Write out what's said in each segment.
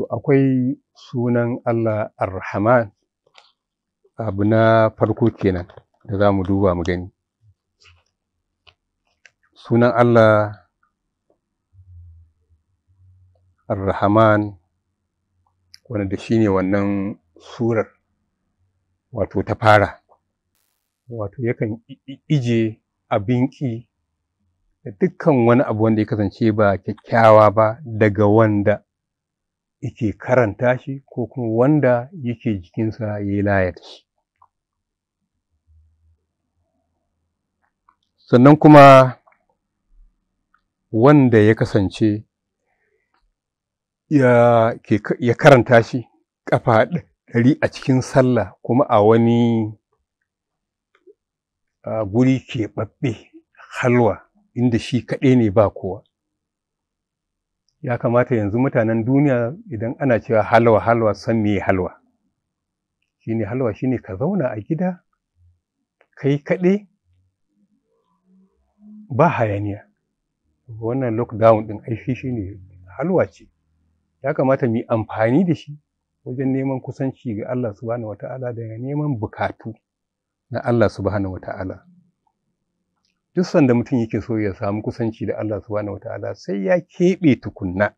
To akwai sunan Allah Ar-Rahman abu na farko kenan da za mu duba mu gani. Sunan Allah Ar-Rahman wanda shi wannan surar wato ta fara. Wato yakan ije abin da dukkan wani abu wanda ya kasance ba kyakkyawa ba daga wanda yake karanta shi ko kuma wanda yake jikinsa ya yi layar shi. Sannan kuma wanda ya kasance ya, karanta shi ƙafa ɗari a cikin sallah kuma a wani guri keɓaɓɓe halwa inda shi kaɗai ne ba kowa. ya kamata yanzu mutanen duniya idan ana cewa halwa halwa san me halwa shine halwa shine ka zauna a gida kai kaɗai ba hayaniya wannan lockdown ɗin aishi shine halwa ce ya kamata mu yi amfani da shi wajen neman kusanci ga Allah subhanahu wata'ala da neman bukatu na Allah subhanahu wata'ala duk sanda mutum yake so ya samu kusanci da Allah subhanahu wataala sai ya keɓe tukunna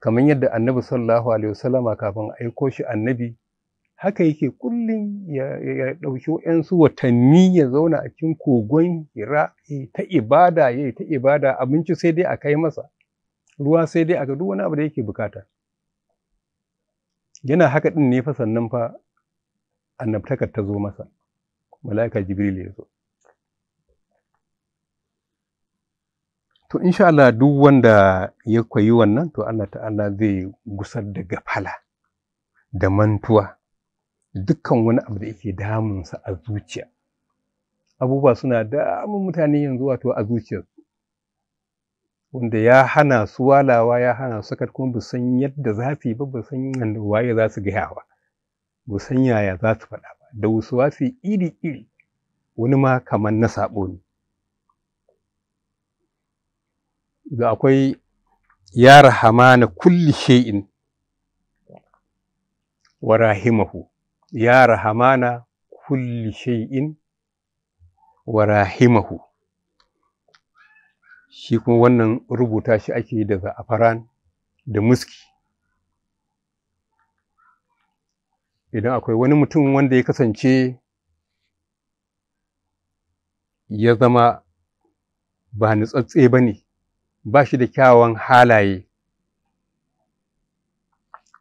kamar yadda annabi sallallahu alaihi wasallama kafin aiko shi annabi haka yake kullum ya ɗauki waɗansu watanni ya zauna a cikin kogon hira ta ibada ya ta ibada abinci sai dai a kai masa ruwa sai dai a ga duk wani abu da yake bukata yana haka ɗin ne fa sannan fa annabtakar ta zo masa mala'ika jibril ya zo To insha Allah duk wanda ya koyi wannan to Allah ta'ala zai gusar da gafala da mantuwa dukkan wani abu da yake damunsa a zuciya. Abubuwa suna damun mutane yanzu wato a zuciyarsu. Wanda ya hana su walawa ya hana su sakar kuma san yadda za su yi ba ba san yadda waye za su gaya ba. Ba yaya za su faɗa ba da wasu wasu iri-iri wani ma kamar na saɓo ne. ga akwai ya rahamana kulli shay'in wa rahimahu ya rahamana kulli shay'in wa rahimahu shi kuma wannan rubuta shi ake daga afaran da muski idan akwai wani mutum wanda ya kasance ya zama ba nutsatse ba ne ba shi da kyawawan halaye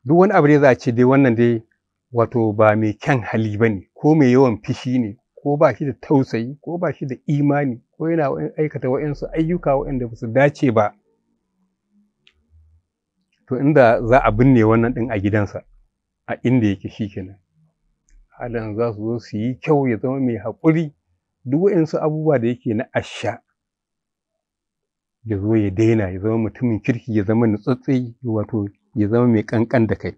duk wani abu da za a ce dai wannan dai wato ba mai kyan hali ba ne ko mai yawan fishi ne ko ba shi da tausayi ko ba shi da imani ko yana aikata wa'insu ayyuka waɗanda ba su dace ba to inda za a binne wannan ɗin a gidansa a inda yake shi kenan halin za su zo su yi kyau ya zama mai haƙuri duk wa'insu abubuwa da yake na asha ya zo ya daina ya zama mutumin kirki ya zama nutsatse wato ya zama mai ƙanƙan da kai